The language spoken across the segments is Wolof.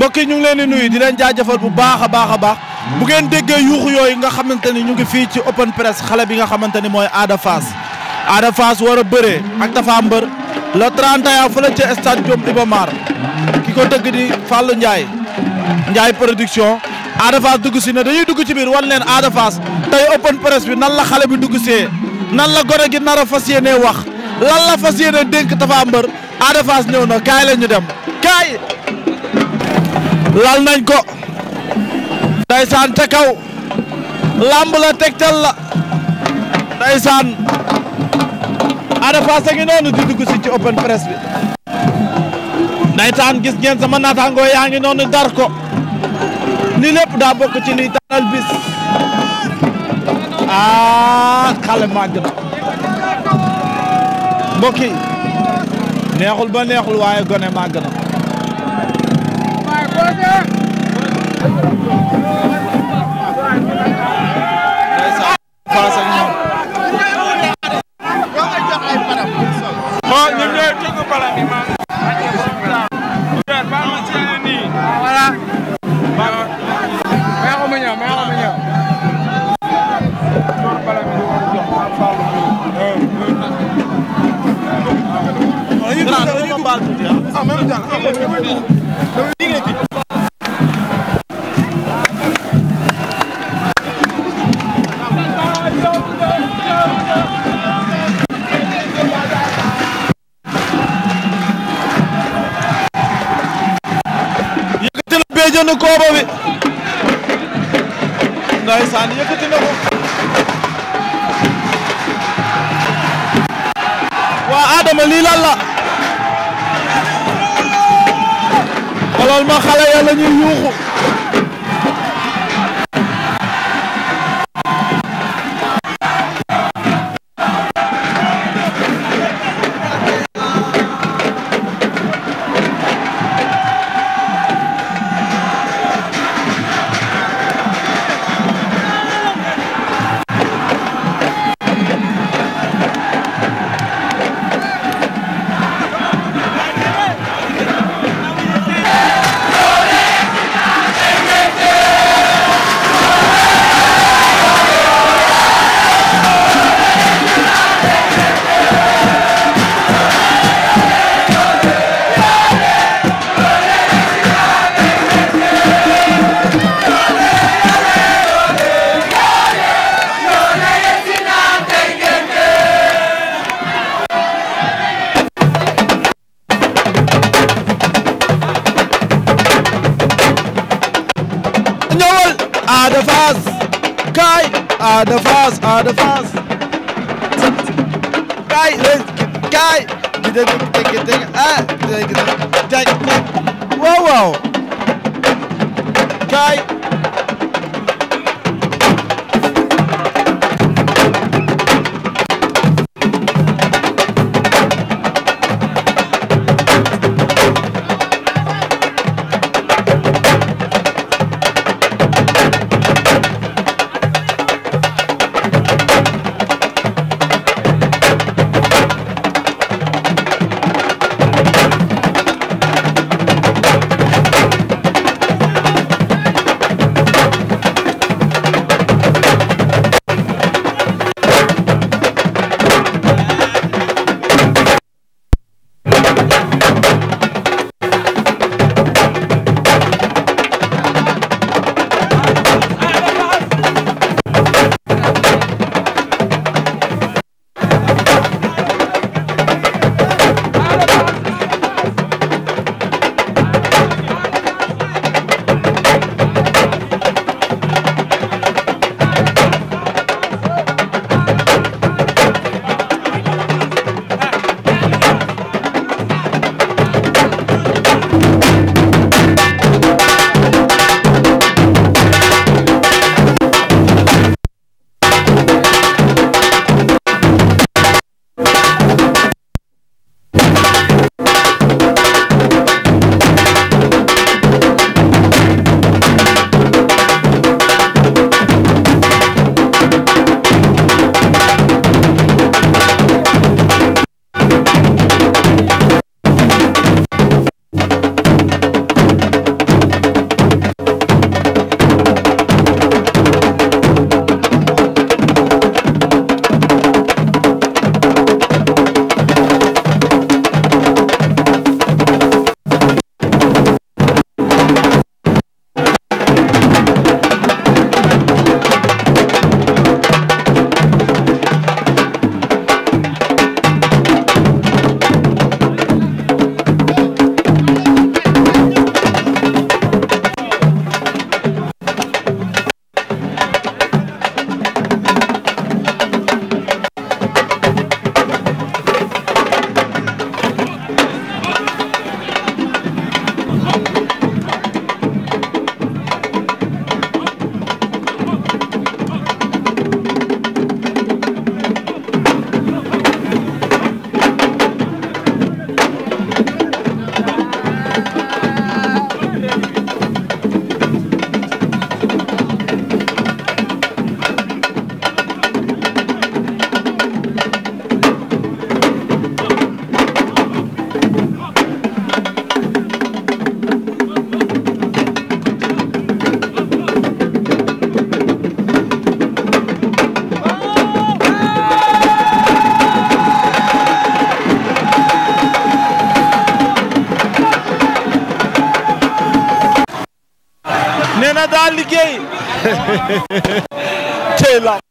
mbokk yi ñu ngi leen di nuyu di leen jaajëfal bu baaxa baax a baax bu ngeen déggee yuuxu yooyu nga xamante ni ñu ngi fii ci open press xale bi nga xamante ni mooy Ada Fass Ada Fass war a bëree ak Tapha Mbeur le 31 fële ca stade Diop Iba Mar ki ko dëgg di Fallou Ndiaye Ndiaye production Ada Fass dugg si ne dañuy dugg ci biir wan leen Ada Fass tey open press bi nan la xale bi dugg see nan la gone gi nar a fas yéenee wax lan la fas yéenee dénk Tapha Mbeur Ada Fass ñëw na kaay la ñu dem laal nañ ko ndaysaan te kaw lamb la tegtal la ndaysaan Ada Fass a ngi noonu si ci open press bi ndaysaan gis ngeen sama naataangoo yaa ngi noonu dar ko li lépp daa bokk ci liy dalal bis aa ah, xale màgg na mbokk neexul ba neexul waaye gone màgg na Thank you. yëkkati na béjjënu kooba bi ndeysaan yëkkati na ko waa Adama lii lan la xoolal ma xale ya la ñuy yuuxu ñëwal Ada Fass kaay Ada Fass Ada Fass kaay kaay di dégg dégg dégg ah dégg dégg waaw waaw kaay na daa liggéey tey lamb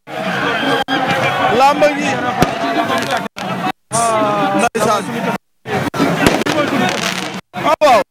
lamb gi